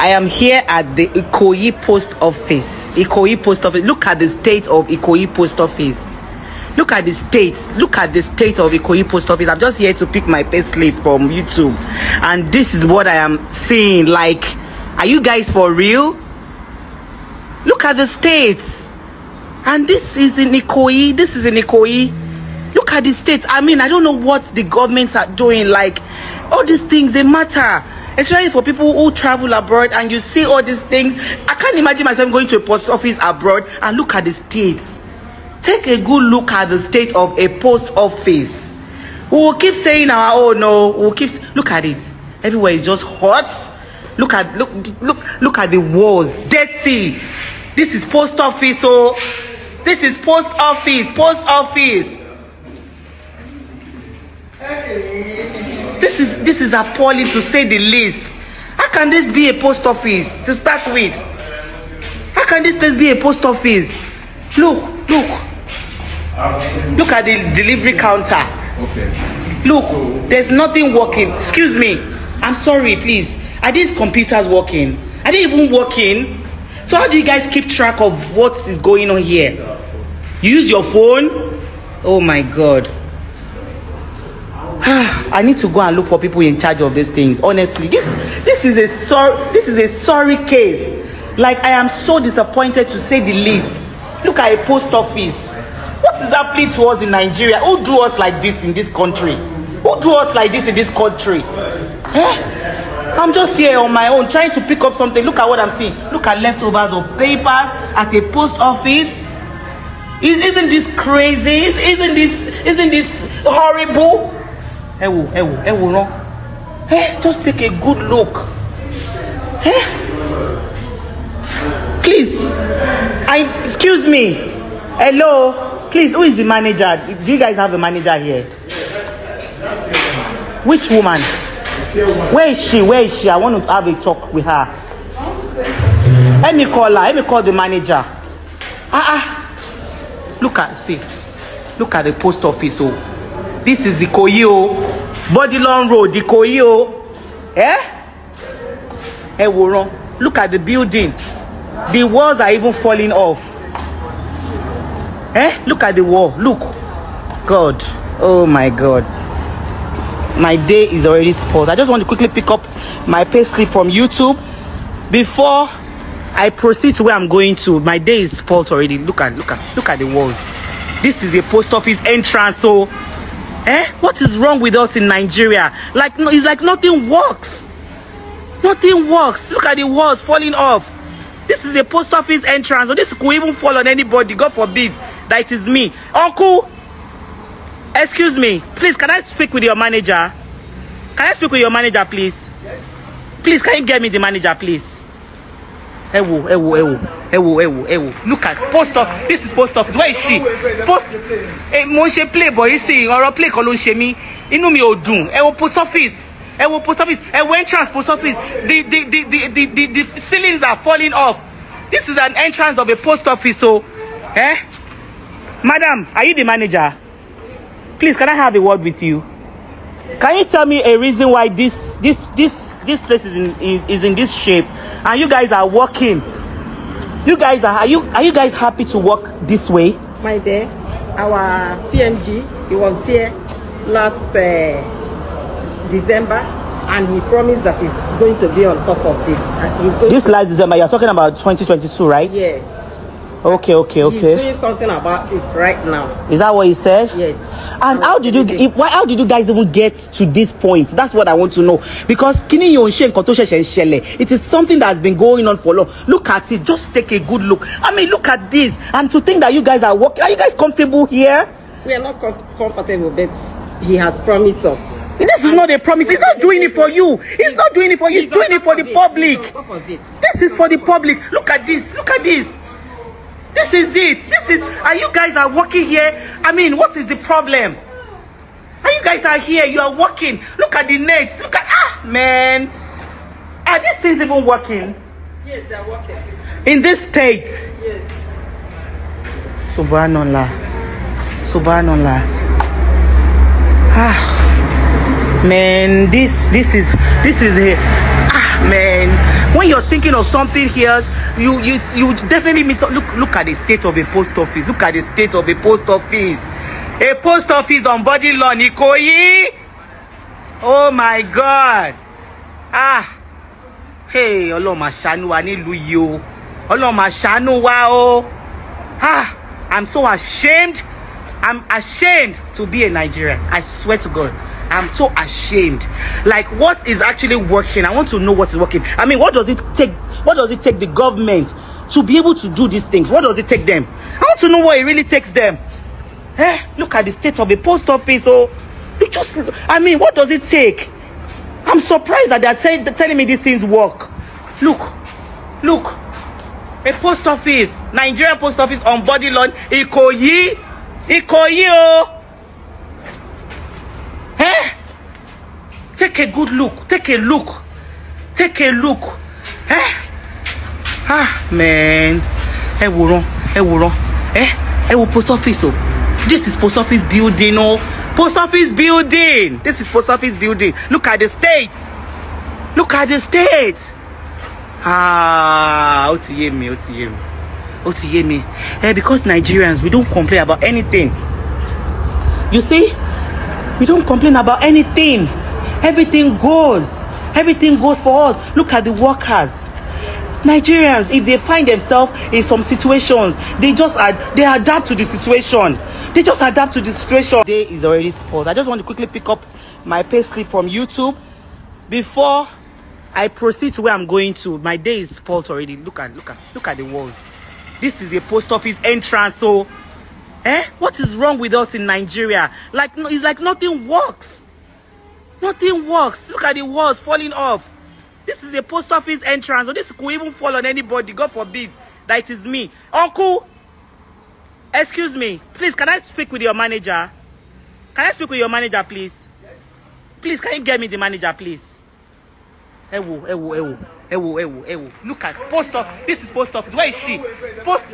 I am here at the Ikoyi Post Office. Ikoyi Post Office. Look at the state of Ikoyi Post Office. Look at the state. Look at the state of Ikoyi Post Office. I'm just here to pick my payslip from YouTube. And this is what I am seeing. Like, are you guys for real? Look at the state. And this is in Ikoyi. This is in Ikoyi. Look at the state. I mean, I don't know what the governments are doing. Like, all these things, they matter especially for people who travel abroad and you see all these things. I can't imagine myself going to a post office abroad and look at the states. Take a good look at the state of a post office. We will keep saying our oh no, we'll keep look at it. Everywhere is just hot. Look at look look look at the walls. Dead Sea. This is post office, Oh, this is post office, post office. This is this is appalling to say the least. How can this be a post office to start with? How can this place be a post office? Look, look. Look at the delivery counter. Okay. Look, there's nothing working. Excuse me. I'm sorry, please. Are these computers working? Are they even working? So how do you guys keep track of what is going on here? You use your phone? Oh my god. I need to go and look for people in charge of these things. Honestly, this this is a sorry this is a sorry case. Like I am so disappointed to say the least. Look at a post office. What is happening to us in Nigeria? Who do us like this in this country? Who do us like this in this country? Eh? I'm just here on my own trying to pick up something. Look at what I'm seeing. Look at leftovers of papers at a post office. Isn't this crazy? Isn't this isn't this horrible? ẹ wò ẹ wò ẹ wòran ẹ just take a good look ẹ please i excuse me hello please who is the manager do you guys have a manager here which woman where is she where is she i want to have a talk with her let me call her let me call the manager ah ah look at see look at the post office oh this is the koyi oh. long Road, the Koyo, Eh? Eh, wòran, look at the building. The walls are even falling off. Eh? Look at the wall. Look. God. Oh my God. My day is already spoiled. I just want to quickly pick up my slip from YouTube before I proceed to where I'm going to. My day is spoiled already. Look at look at look at the walls. This is the post office entrance, so Eh? What is wrong with us in Nigeria? Like, no, it's like nothing works. Nothing works. Look at the walls falling off. This is the post office entrance. Or this could even fall on anybody. God forbid that it is me. Uncle, excuse me. Please, can I speak with your manager? Can I speak with your manager, please? Yes. Please, can you get me the manager, please? Ewo, ewo, ewo, ewo, ewo, ewo. Look at post office. post office where is she post eh, mo ń ṣe play bọ̀ yìí sí ọ̀rọ̀ play kan ló ń ṣe mí inú mi ò dùn ẹ wo post office ẹ wo post office ẹ wo entrance post office the the the the the the, the ceilings are falling off this is an entrance of a post office o oh. eh madam are you the manager please can I have a word with you can you tell me a reason why this this this this place is in is, is in this shape and you guys are working You guys are, are you are you guys happy to work this way? My dear, our PMG, he was here last uh, December and he promised that he's going to be on top of this. Uh, he's going this to... last December, you're talking about 2022, right? Yes. Okay, okay, okay. He's doing something about it right now. Is that what he said? Yes and how did you why how did you guys even get to this point that's what i want to know because kí ni yóò ń ṣe nǹkan it is something that has been going on for long look at it just take a good look i mean look at this and to think that you guys are working are you guys comfortable here. we are not com comfortable but he has promised us. This is not a promise. He's not doing it for you. He's not doing it for you. He's doing it for the public. This is for the public. Look at this. Look at this. This is it. This is, are you guys are working here? I mean, what is the problem? Are you guys are here? You are working. Look at the nets. Look at, ah, man. Are these things even working? Yes, they are working. In this state? Yes. Subhanallah. Subhanallah. Ah, man, this, this is, this is, ah, man. when you're thinking of something here you you you definitely miss look look at the state of a post office look at the state of a post office a post office on body law Nikoyi oh my god ah hey Ọlọ́run máa ṣàánú wa nílùú o Ọlọ́run máa o ah I'm so ashamed I'm ashamed to be a Nigerian I swear to God I'm so ashamed. Like, what is actually working? I want to know what is working. I mean, what does it take? What does it take the government to be able to do these things? What does it take them? I want to know what it really takes them. Eh? Look at the state of the post office. Oh, you just, I mean, what does it take? I'm surprised that they're telling me these things work. Look, look, a post office, Nigerian post office on body loan, Ikoyi, Ikoyi, oh. Take a good look. Take a look. Take a look. Eh? Ah, man. Ẹ wòran, ẹ wòran. Eh? Ẹ wo post office o. This is post office building o. Post office building. This is post office building. Look at the state. Look at the state. Ah, ó ti yé mi, ó ti yé mi. Ó ti yé mi. Eh, because Nigerians, we don't complain about anything. You see? We don't complain about anything. Everything goes. Everything goes for us. Look at the workers. Nigerians, if they find themselves in some situations, they just ad they adapt to the situation. They just adapt to the situation. Day is already spoiled. I just want to quickly pick up my slip from YouTube before I proceed to where I'm going to. My day is spoiled already. Look at look at look at the walls. This is the post office entrance. So, oh. eh? What is wrong with us in Nigeria? Like, it's like nothing works. Nothing works. Look at the walls falling off. This is the post office entrance. So this could even fall on anybody. God forbid that it is me. Uncle, excuse me. Please, can I speak with your manager? Can I speak with your manager, please? Please, can you get me the manager, please? Ewo, ewo, ewo. Ewo, ewo, ewo. Look at post office. This is post office. Where is she? Post.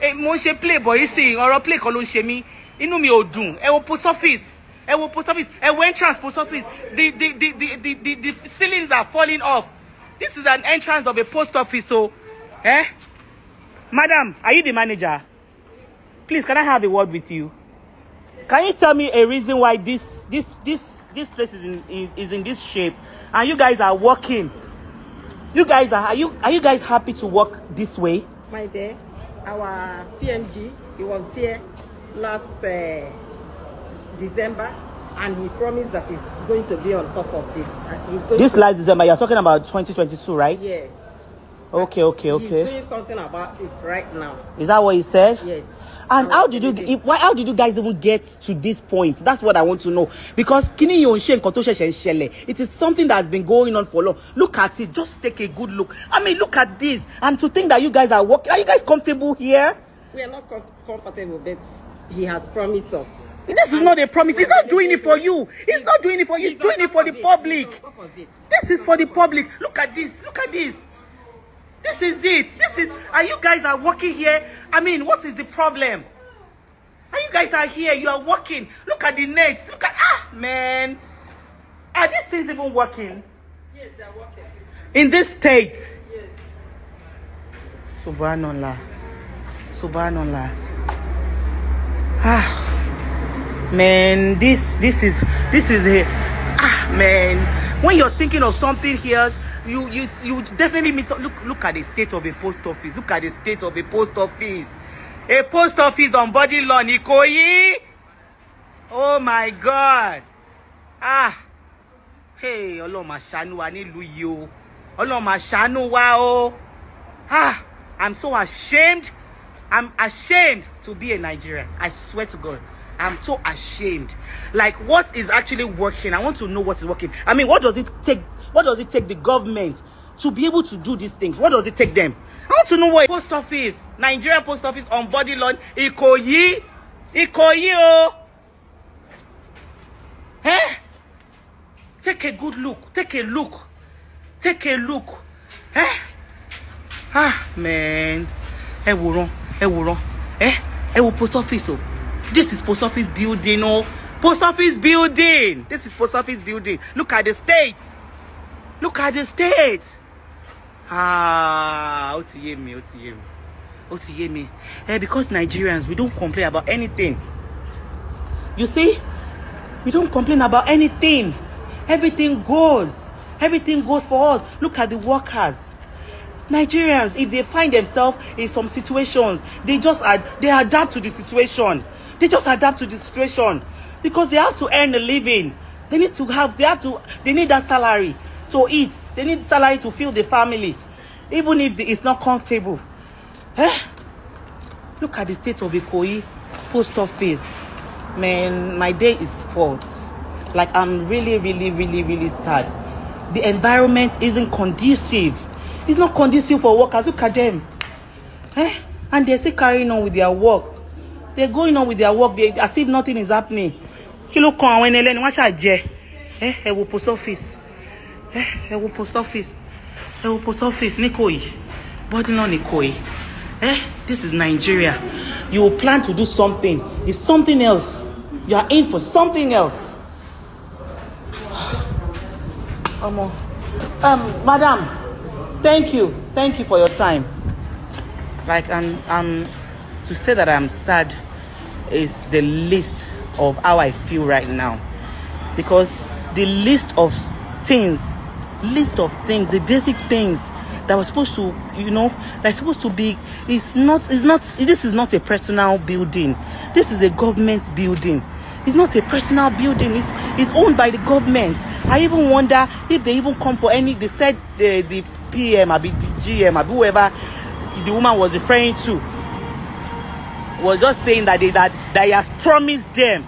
Eh, mo ń play boy, you see. Ọ̀rọ̀ play kọ́ ló ń ṣe mi ò dùn. Ewo post office ẹ wo post office ẹ wo entrance post office the the the the the the, the ceilings are falling off this is an entrance of a post office so oh. eh madam are you the manager please can I have a word with you can you tell me a reason why this this this this place is in is, is in this shape and you guys are working you guys are, are you are you guys happy to work this way my dear our PMG he was here last uh, December and he promised that he's going to be on top of this. Uh, he's going this to last December, you're talking about 2022, right? Yes. Okay, okay, okay. He's doing something about it right now. Is that what he said? Yes. And how did you if, why how did you guys even get to this point? That's what I want to know. Because kini yo nse nkan It is something that has been going on for long. Look at it. Just take a good look. I mean, look at this. And to think that you guys are working. Are you guys comfortable here? We are not com comfortable, but he has promised us. This is not a promise. He's not doing it for you. He's not doing it for you. He's doing it for the public. This is for the public. Look at this. Look at this. This is it. This is, Are you guys are working here. I mean, what is the problem? Are you guys are here. You are working. Look at the nets. Look at, ah, man. Are these things even working? Yes, they are working. In this state? Yes. Subhanallah. Subhanallah. Ah. man this this is this is it ah man when you're thinking of something here you you you definitely miss look look at the state of a post office look at the state of a post office a post office on body law Ikoyi oh my god ah hey Ọlọ́run má ṣàánú wa nílùú yìí o Ọlọ́run má ṣàánú wa o ah i'm so ashamed i'm ashamed to be a Nigerian i swear to god I'm so ashamed. Like, what is actually working? I want to know what is working. I mean, what does it take? What does it take the government to be able to do these things? What does it take them? I want to know what post office, Nigerian post office on body loan, Ikoyi, Ikoyi, oh. Eh? Take a good look. Take a look. Take a look. Eh? Ah, man. Ẹ wòran, ẹ wòran. Eh? Eh wo post office, oh. This is post office building, oh. Post office building. This is post office building. Look at the state. Look at the state. Ah, ó ti hear me? ó ti hear me? Ó ti hear me? Eh, because Nigerians, we don't complain about anything. You see? We don't complain about anything. Everything goes. Everything goes for us. Look at the workers. Nigerians, if they find themselves in some situations, they just ad they adapt to the situation. They just adapt to the situation because they have to earn a living. They need to have, they have to, they need that salary to eat. They need salary to feed the family, even if it's not comfortable. Eh? Look at the state of Ikoyi post office. Man, my day is spoiled. Like I'm really, really, really, really sad. The environment isn't conducive. It's not conducive for workers. Look at them. Eh? And they're still carrying on with their work they going on with their work they as if nothing is happening Kilo ló kan àwọn ẹni ẹlẹ́ni wọ́n ṣàjẹ ẹ ẹ wo post office Eh, ẹ wo post office ẹ wo post office n'Ikoyi but no n'Ikoyi Eh, this is Nigeria you plan to do something is something else you are in for something else. ọmọ um, madam thank you thank you for your time like and um, um to say that I'm sad is the least of how I feel right now. Because the list of things, list of things, the basic things that was supposed to, you know, that's supposed to be, it's not, it's not, this is not a personal building. This is a government building. It's not a personal building. It's, it's owned by the government. I even wonder if they even come for any, they said the, the PM, I be the GM, I be whoever the woman was referring to was just saying that, that, that he has promised them.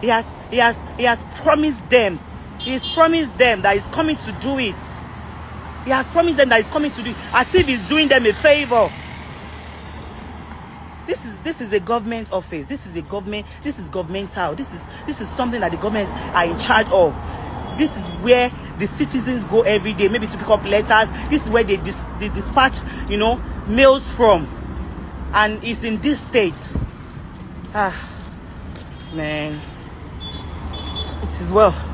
He has, he, has, he has promised them. He has promised them that he's coming to do it. He has promised them that he's coming to do it. As if he's doing them a favor. This is this is a government office. This is a government. This is governmental. This is this is something that the government are in charge of. This is where the citizens go every day, maybe to pick up letters. This is where they, dis, they dispatch, you know, mails from and is in this state. Ah, man, it is well.